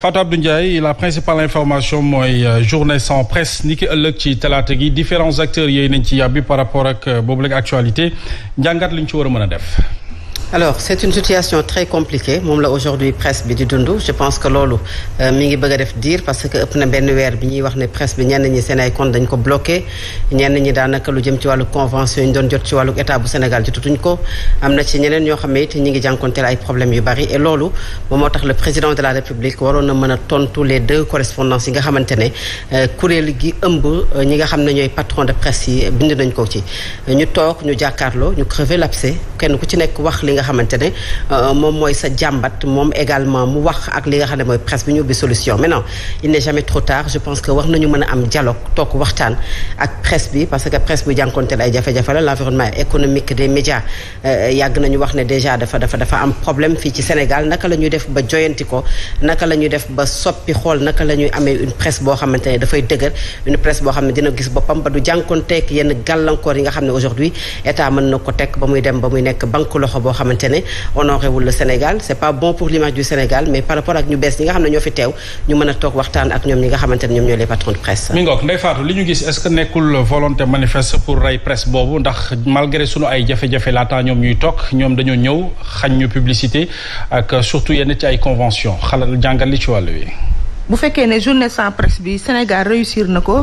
Fatou Abdou Ndiaye la principale information mooy euh, journée sans presse ni ki ëllëg ci talaata gi différents acteurs yeey nañ ci yàbbi par rapport ak euh, boobu la actualité njàngat li ñu ci war a mën a def. alors c'est une situation très compliquée moom la aujourd'hui presse bi di dund je pense que loolu euh, mi ngi bëgg a def diir parce que ëpp na benn weer bi ñuy wax ne presse bi ñenn ñi seen dañ ko bloqué ñenn ñi daanaka lu jëm ci wàllu convention yi doon jot ci wàllu état bu Sénégal jotutuñ ko am na ci ñeneen ñoo xam ne it ñi ngi jànkonteel ay problèmes yu bari et loolu moom moo tax le président de la République waroon na mën a tontu les deux correspondances yi nga xamante ne euh, kuréel gi ëmb euh, nga xam ne ñooy patron de presse yi bind nañ ko ci ñu toog ñu jàkkaarloo ñu crever nga xamante ne euh, moom mooy sa jàmbat moom également mu wax ak li nga xam ne mooy presse bi ñu ubbi solution maintenant il n'est a am dialogue toog waxtaan la l'environnement économique des médias euh, yàgg nañu ba joyanti ko la ñuy def ba soppi xool naka la ñuy amee boo xamante ne dafay dëgër une presse boo xam ne dina gis boppam ba du jànkonteeg yenn gàllankoor yi nga xam ne aujourd'hui état mën na ko teg ba muy dem ba muy nekk banque loxo boo xam xamante ne honoré wul le Sénégal c'est pas bon pour l'image du Sénégal mais par rapport ak ñu a toog waxtaan ak ñoom ñi nga xamante ne mi ngoog Ndeye Fatou li ñu gis est-ce que nekkul volonté manifeste pour rey presse boobu ndax malgré sunu ay jafe-jafe laataa ñoom ñuy toog ñoom dañoo ñëw xañ ñu publicité ak surtout yenn ci ay convention xalal jàngal li ci wàllu wi bu fekkee ne journée sans presse bi Sénégal réussir na ko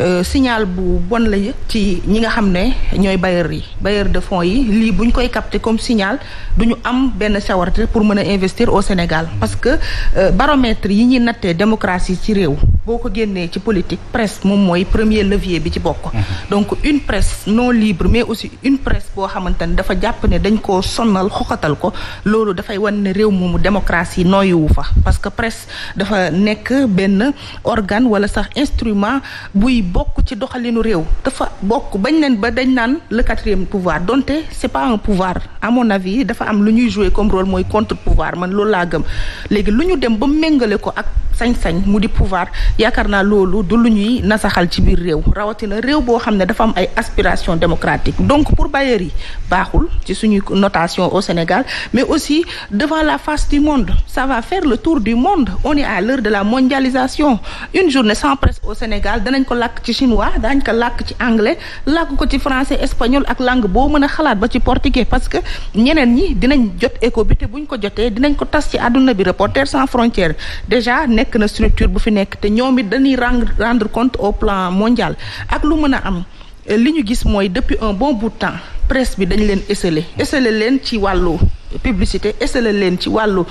euh, signal bu bon la yëg ci ñi nga xam ne ñooy bailleurs yi bailleurs de fonds yi lii bu ñu koy capter comme signal du am benn sawarte pour mën a investir au Sénégal parce que euh, baromètre yi ñuy nattee démocratie ci réew boo ko génnee ci politique presse moom mooy premier levier bi ci bokk mmh. donc une presse non libre mais aussi une presse boo xamante ne dafa jàpp ne dañ koo sonnal xoxatal ko loolu dafay wan ne réew moomu démocratie nooyuwu fa que presse dafa nekk nekk benn organe wala sax instrument buy bokk ci doxalinu réew dafa bokk bañ leen ba dañ naan le quatrième pouvoir donte c'est pas un pouvoir à mon avis dafa am lu ñuy jouer comme rôle mooy contre pouvoir man loolu laa gëm léegi lu ñu dem ba méngale ko ak sañ-sañ mu di pouvoir yaakaar naa loolu du lu ñuy nasaxal ci biir réew rawatina réew boo xam ne dafa am ay aspirations démocratiques donc pour bailleurs yi baaxul ci suñuy notation au Sénégal mais aussi devant la face du monde sa va faire le tour du monde on est à l'heure de la mondialisation une journée sans presse au Sénégal danañ ko làkk ci chinois danañ ko làkk ci anglais làkk ko ci français espagnol ak langue boo mën a xalaat ba ci portugais parce que ñeneen ñi dinañ jot écho buñ ko jotee dinañ ko tas ci àdduna bi Reporters sans frontières déjà nekk na structure bu fi nekk te ñoom it dañuy rendre rendre compte au plan mondial ak lu mën a am euh, li ñu gis mooy depuis un bon bout temps presse bi dañ leen esselé esselé leen ci wàllu publicité esselé leen ci wàllu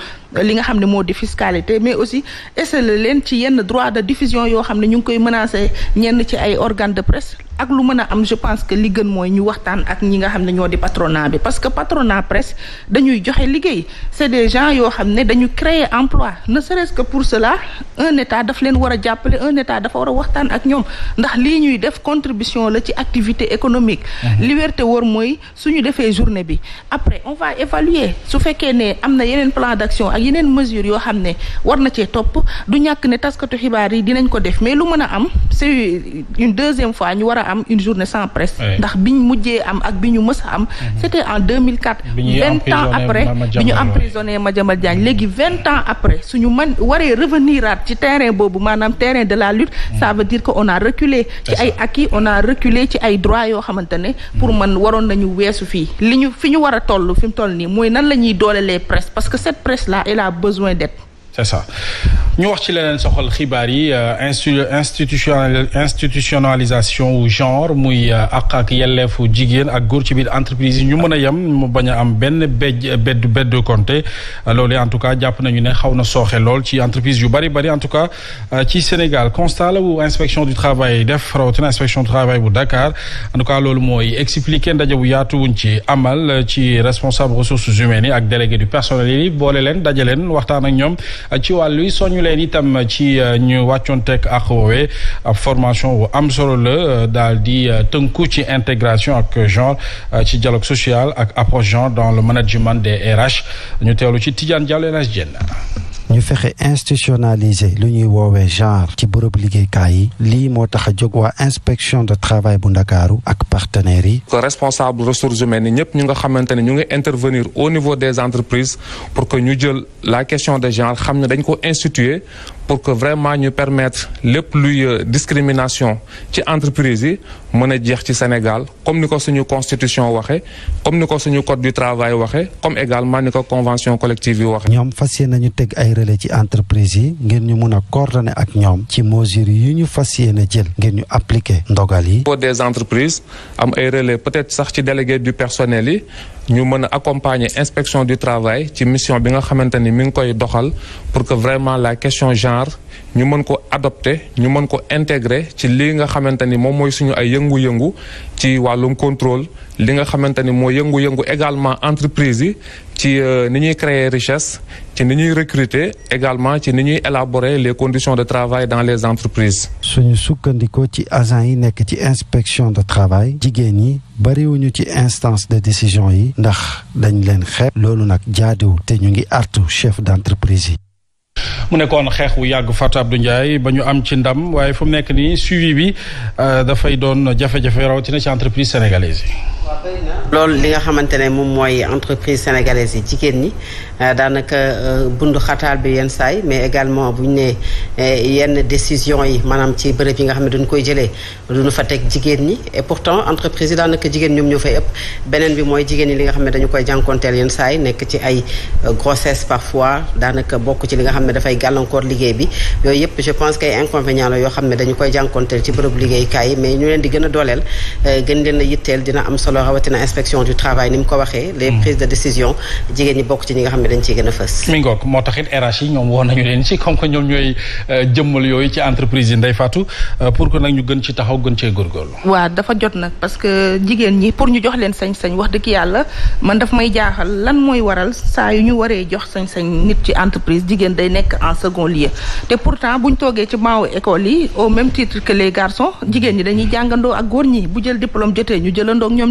li nga xam ne moo di fiscalité mais aussi esseler leen ci yenn droit de diffusion yoo xam ne ñu ngi koy menacer ñenn ci ay organe de presse ak lu mën a am je pense que li gën mooy ñu waxtaan ak ñi nga xam ne ñoo di patronat bi parce que patrona presse dañuy joxe liggéey c'est des gens yoo xam ne dañu créer emploi ne serait-ce que pour cela un état daf leen war a jàppale un état dafa war a waxtaan ak ñoom ndax lii ñuy def contribution la ci activité économique liberté war mooy suñu defee journée bi après on va évaluer su ne am na yeneen plan d'action ak yeneen mesures yoo xam ne war na cee topp du ñàkk ne taskatu xibaar yi dinañ ko def mais lu mën a am c'est une deuxième fois ñu war a am une journée sans presse ndax biñ mujjee am ak bi ñu mës a am mhm. c'était en 2004 vingt ans après bi ñu emprisonné Madiambal Diagne mhm. léegi vingt ans après suñu man waree revenir aat ci terrain boobu maanaam terrain de la lutte mhm. ça veut dire que on a reculé ci ay acquis on a reculé ci ay droits yoo xamante ne pour man waroon nañu weesu fii li ñu fi ñu war a fi mu toll nii mooy nan la ñuy doolelee il a besoin d'aide. C'est ça. ñu wax ci leneen soxal xibaar yi euh, institution institutionnalisation wu genre muy ak euh, ak yelleefu jigéen ak góor ci biir entreprise yi ñu mën a yem mu bañ am benn bej bedd bedd compté loolu en tout cas jàpp nañu ne xaw na sooxe lool ci entreprise yu bari bari en tout cas euh, ci Sénégal constat la wu inspection du travail def rawatina inspection du travail bu Dakar en tout cas loolu mooy expliqué ndaje bu yaatu wuñ ci amal ci responsable ressources humaines yi ak délégué du personnel yi boole leen daje leen waxtaan ak ñoom leen itam ci euh, ñu wàccoonteeg ak woowee ab formation bu am solo la euh, daal di euh, tënku ci intégration ak genre ci dialogue social ak approche genre dans le management des RH ñu teewlu ci Tidiane Diallo El ñu fexe institutionnaliser lu ñuy woowee genre ci bërëb liggéeykaay yi lii moo tax a jóg waa inspection de travail bu ndakaaru ak partenaires yi responsable ressources humaines yi ñëpp ñu nga xamante ne ñu ngi intervenir au niveau des entreprises pour que ñu jël la question de genre xam na dañ ko instituer pour que vraiment ñu permettre lépp luy euh, discrimination ci entreprise yi mën a jeex ci Sénégal comme ni ko suñu constitution waxe comme ni ko suñu code du travail waxe comme également ni ko convention collective yi waxe ñoom fas yéene nañu teg ay relais ci entreprise yi ngir ñu mun a coordonner ak ñoom ci mesures yi ñu fas yéene jël ngir ñu appliquer ndogal yi. des entreprises am ay relais peut-être sax ci délégué du personnel yi. ñu mën a accompagner inspection du travail ci mission bi nga xamante ni mi ngi koy doxal pour que vraiment la question genre ñu mën ko adopté ñu mën ko intégré ci li nga xamante ni moom mooy suñu ay yëngu-yëngu ci wàllum contrôle li nga xamante ni mooy yëngu-yëngu également entreprise yi ci euh, ni ñuy créer richesse ci ni ñuy recruter également ci ni ñuy élaborer les conditions de travail dans les entreprises. suñu sukkandikoo ci agent yi nekk ci inspection de travail jigéen yi bariwuñu ci instance de décision yi ndax dañ leen xeet loolu nag jaaduwul te ñu ngi artu chef d'entreprise yi. mu nekkoon xeex bu yàgg Fatou Abdou Ndiaye ba ñu am ci ndam waaye fu mu nekk nii suivi bi euh, dafay doon jafe-jafe rawatina ci entreprise sénégalaise yi. lool li nga xamante ne moom mooy entreprise sénégalaise yi jigéen ñi euh, daanaka euh, bundu xataal bi yenn saay mais également bu ñu nee euh, yenn décision yi maanaam ci bërëb yi nga xam ne dañu koy jëlee duñu fa teg jigéen ñi et pourtant entreprise yi daanaka jigéen ñoom ñoo fay ëpp beneen bi mooy jigéen ñi li nga xam ne dañu koy jànkonteel yenn saay nekk ci ay grossesse parfois daanaka bokk ci li nga xam ne dafay gàllankoor liggéey bi yooyu yëpp je pense que ay inconvénients la yoo xam ne dañu koy jànkonteel ci bërëb liggéeykaay yi mais ñu leen di gën a dooleel gën leen a yitteel dina am solo rawatina inspection du travail ni mu ko waxee. les hmm. prises de décision jigéen ñi bokk ci ñi nga xam ne dañ ciy gën a fës. mi ngoog moo taxit RH ñoom woo nañu leen ci comme que ñoom ñooy euh, jëmmal yooyu ci entreprise yi Ndeye Fatou euh, pour que nag ñu gën ci taxaw gën cee góorgóorlu. waaw dafa jot nag parce que jigéen ñi pour ñu jox leen sañ-sañ wax dëgg yàlla man daf may jaaxal lan mooy waral saa yu ñu waree jox sañ-sañ nit ci entreprise jigéen day nekk en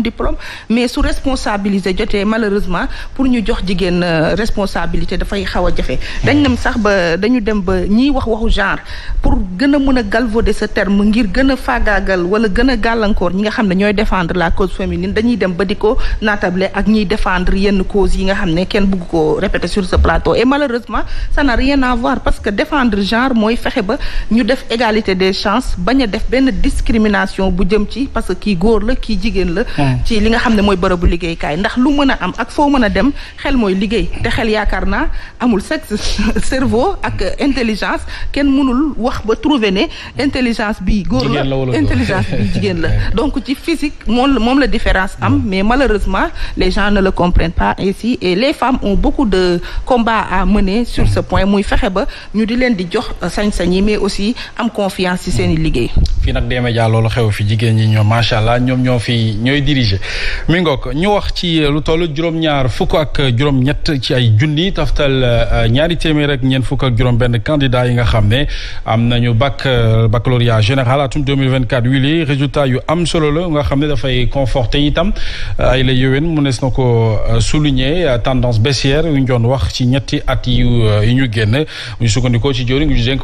second mais su responsabiliser jotee malheureusement pour ñu jox jigéen euh, responsabilité dafay xaw a jafe dañ dem sax ba dañu dem ba ñiy wax waxu genre pour gën a mën a galvauder ce terme ngir gën a faagaagal wala gën a gàllankoor ñi nga xam ne ñooy defendre la cause féminine dañuy dem ba di ko naatable ak ñiy defendre yenn cause yi nga xam ne kenn bugg ko répéter sur sa plateau et malheureusement ça n'a rien à voir parce que défendre genre mooy fexe ba ñu def égalité des chances bañ a def benn discrimination bu jëm ci parce que kii góor la kii jigéen la ci li nga xam ne mooy bërëbu liggéeykaay ndax lu mën a am ak foo mën a dem xel mooy liggéey te xel yaakaar naa amul sexe servo ak intelligence kenn mënul wax ba trouver ne intelligence bi góor la intelligence bi jigéen la donc ci physique moom moom la différence am hmm. mais malheureusement les gens ne le comprennent pas si et les femmes ont beaucoup de combats à mener sur ce point muy fexe ba ñu di leen di jox sañ-sañ yi mais aussi am confiance ci seen i liggéey fii nag Deme Dia loolu xew jigéen ñi ñoom macha allah ñoom ñoo fi ñooy diriger mi ngoog ñu wax ci lu toll juróom-ñaar fukk ak juróom-ñett ci ay junni taftal euh, ñaari téeméer ak ñeent fukk ak juróom-benn candidat yi nga xam ne am nañu bac euh, baccalauréat général atum 2024 wii lii résultat yu am solo la nga xam ne dafay conforté itam euh, ay la yowén mu nees na ko souligner tendance baissière yu ñu doon wax ci ñetti at yu yu ñu génn ñu sukkandikoo ci jori ngi